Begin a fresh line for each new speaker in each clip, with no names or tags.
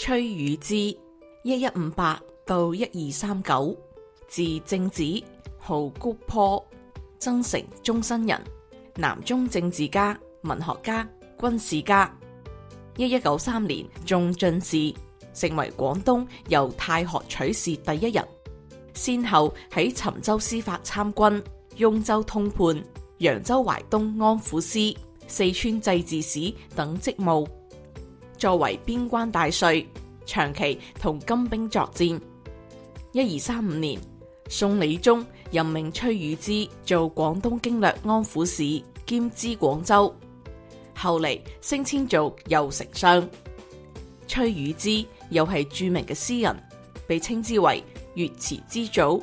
崔與之，一一五八到一二三九，字正子，號菊坡，增城中新人，南宋政治家、文學家、軍事家。一一九三年中進士，成為廣東由太學取士第一人。先後喺潯州司法參軍、邕州通判、揚州淮東安撫司、四川制置使等職務。作為邊關大帥，長期同金兵作戰。一二三五年，宋理宗任命崔與之做廣東經略安撫使兼知廣州，後嚟升遷做右丞相。崔與之又係著名嘅詩人，被稱之為粵詞之祖。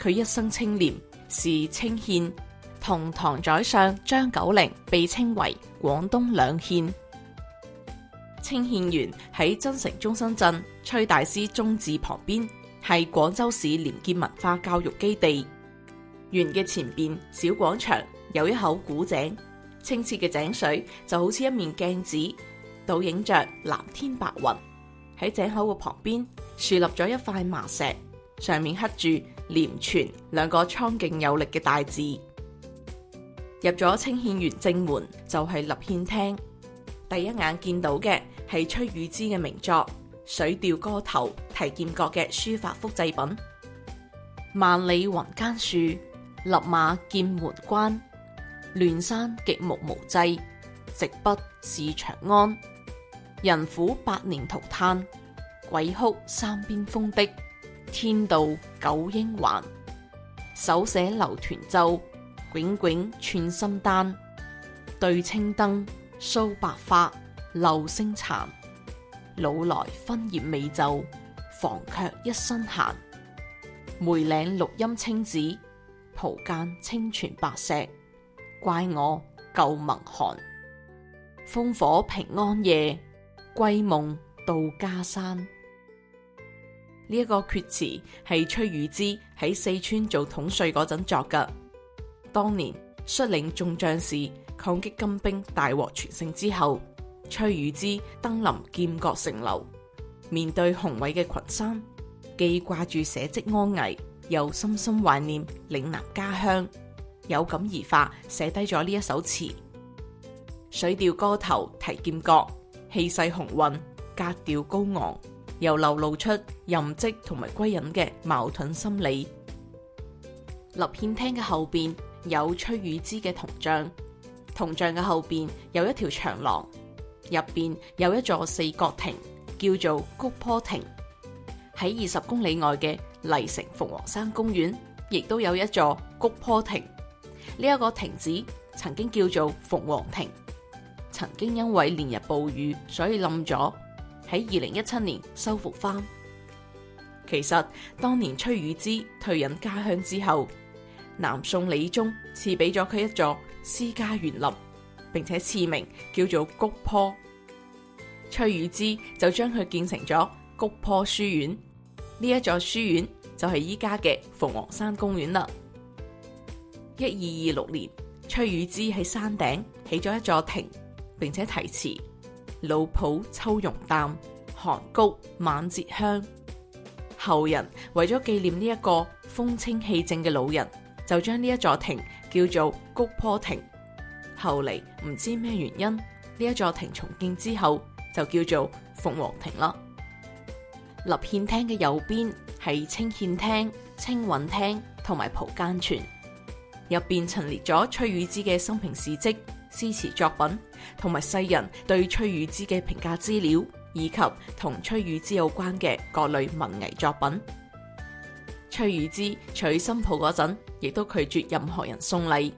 佢一生清廉，諡清獻，同唐宰相張九齡被稱為廣東兩獻。清獻園喺增城中新鎮崔大師宗祠旁邊，係廣州市廉潔文化教育基地。園嘅前邊小廣場有一口古井，清澈嘅井水就好似一面鏡子，倒映着藍天白雲。喺井口嘅旁邊豎立咗一塊麻石，上面刻住“廉泉”兩個蒼勁有力嘅大字。入咗清獻園正門就係、是、立獻廳。第一眼見到嘅係崔與之嘅名作《水調歌頭·題劍閣》嘅書法複製品。萬里雲間戍，立馬劍門關。亂山極目無際，直北是長安。人苦百年塗炭，鬼哭三邊鋒鏑，天道久應還，手寫留屯奏，炯炯寸心丹。對青燈。搔白髮，漏聲殘。老來勳業未就，妨卻一身閒。梅嶺綠陰青子，蒲澗清泉白石。怪我舊盟寒，烽火平安夜，歸夢到家山。呢一個闋詞係崔與之喺四川做統帥嗰陣作嘅，當年率領眾將士。抗擊金兵大獲全勝之後，崔與之登臨劍閣城樓，面對雄偉嘅群山，既掛住社稷安危，又深深懷念嶺南家鄉，有感而發寫低咗呢一首詞《水調歌頭·題劍閣》，氣勢雄渾，格調高昂，又流露出任職同埋歸隱嘅矛盾心理。立獻廳嘅後邊有崔與之嘅銅像。銅像嘅後邊有一條長廊，入邊有一座四角亭，叫做菊坡亭。喺二十公里外嘅荔城鳳凰山公園，亦都有一座菊坡亭。呢、這、一個亭子曾經叫做鳳凰亭，曾經因為連日暴雨所以冧咗，喺二零一七年修復翻。其實當年崔與之退隱家鄉之後，南宋理宗賜俾咗佢一座私家園林，並且賜名叫做菊坡。崔與之就將佢建成咗菊坡書院。呢一座書院就係依家嘅鳳凰山公園啦。一二二六年，崔與之喺山頂起咗一座亭，並且題詞“老圃秋容淡，寒菊晚節香”。後人為咗紀念呢一個風清氣正嘅老人。就將呢一座亭叫做菊坡亭，後嚟唔知咩原因，呢一座亭重建之後就叫做鳳凰亭啦。立獻廳嘅右邊係清獻廳、清韻廳同埋蒲澗泉，入邊陳列咗崔與之嘅生平事迹、詩詞作品，同埋世人對崔與之嘅評價資料，以及同崔與之有關嘅各類文藝作品。崔與之娶新抱嗰陣，亦都拒絕任何人送禮。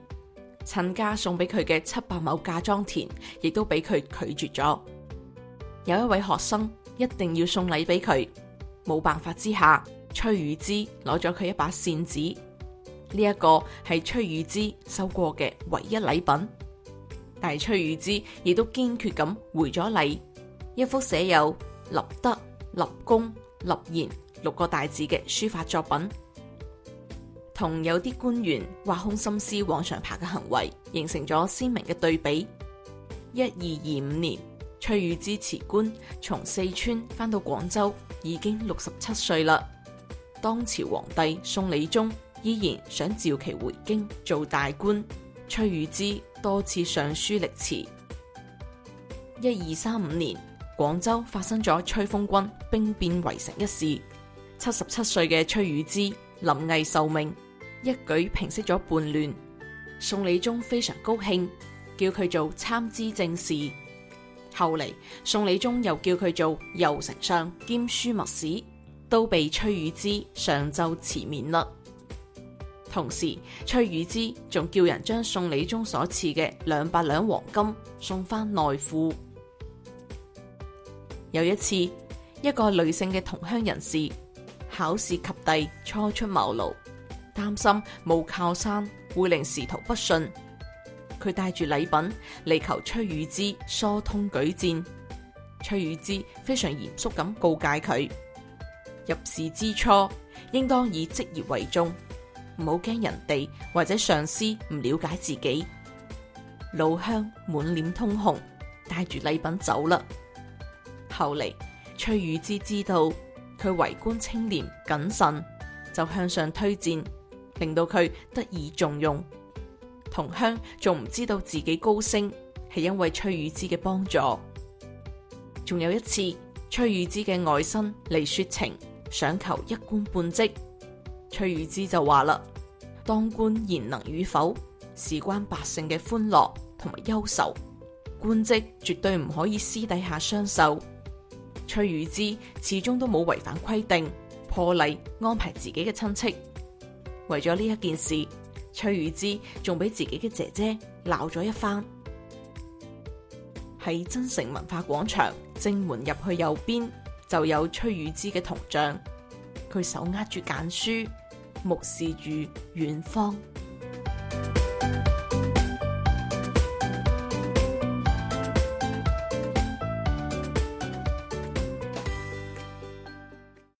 親家送俾佢嘅七百畝嫁妝田，亦都俾佢拒絕咗。有一位學生一定要送禮俾佢，冇辦法之下，崔與之攞咗佢一把扇子。呢、這、一個係崔與之收過嘅唯一禮品，但係崔與之亦都堅決咁回咗禮，一幅寫有“立德、立功、立言”六個大字嘅書法作品，同有啲官員挖空心思往上爬嘅行為，形成咗鮮明嘅對比。一二二五年，崔與之辭官，從四川翻到廣州，已經六十七歲啦。當朝皇帝宋理宗依然想召其回京做大官，崔與之多次上書力辭。一二三五年，廣州發生咗摧鋒軍兵變圍城一事。七十七歲嘅崔與之臨危受命，一舉平息咗叛亂。宋理宗非常高興，叫佢做參知政事。後嚟宋理宗又叫佢做右丞相兼樞密使，都被崔與之上奏辭免嘞。同時，崔與之仲叫人將宋理宗所賜嘅兩百兩黃金送翻內庫。有一次，一個呂姓嘅同鄉人士。考試及第，初出茅廬，擔心冇靠山會令仕途不順，佢帶住禮品嚟求崔與之疏通舉薦。崔與之非常嚴肅咁告誡佢：入仕之初，應當以職業為重，唔好驚人哋或者上司唔了解自己。老鄉滿臉通紅，帶住禮品走啦。後嚟崔與之知道。佢為官清廉謹慎，就向上推薦，令到佢得以重用。同鄉仲唔知道自己高升係因為崔與之嘅幫助。仲有一次，崔與之嘅外甥嚟說情，想求一官半職，崔與之就話啦：當官賢能與否，事關百姓嘅歡樂同埋憂愁，官職絕對唔可以私底下相授。崔與之始終都冇違反規定，破例安排自己嘅親戚。為咗呢一件事，崔與之仲俾自己嘅姐姐鬧咗一番。喺增城文化廣場正門入去右邊就有崔與之嘅銅像，佢手握住簡書，目視住遠方。